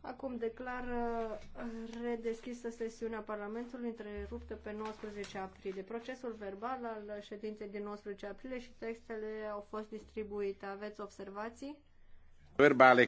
Acum declar uh, redeschisă sesiunea Parlamentului întreruptă pe 19 aprilie. Procesul verbal al ședinței din 19 aprilie și textele au fost distribuite. Aveți observații? Verbale.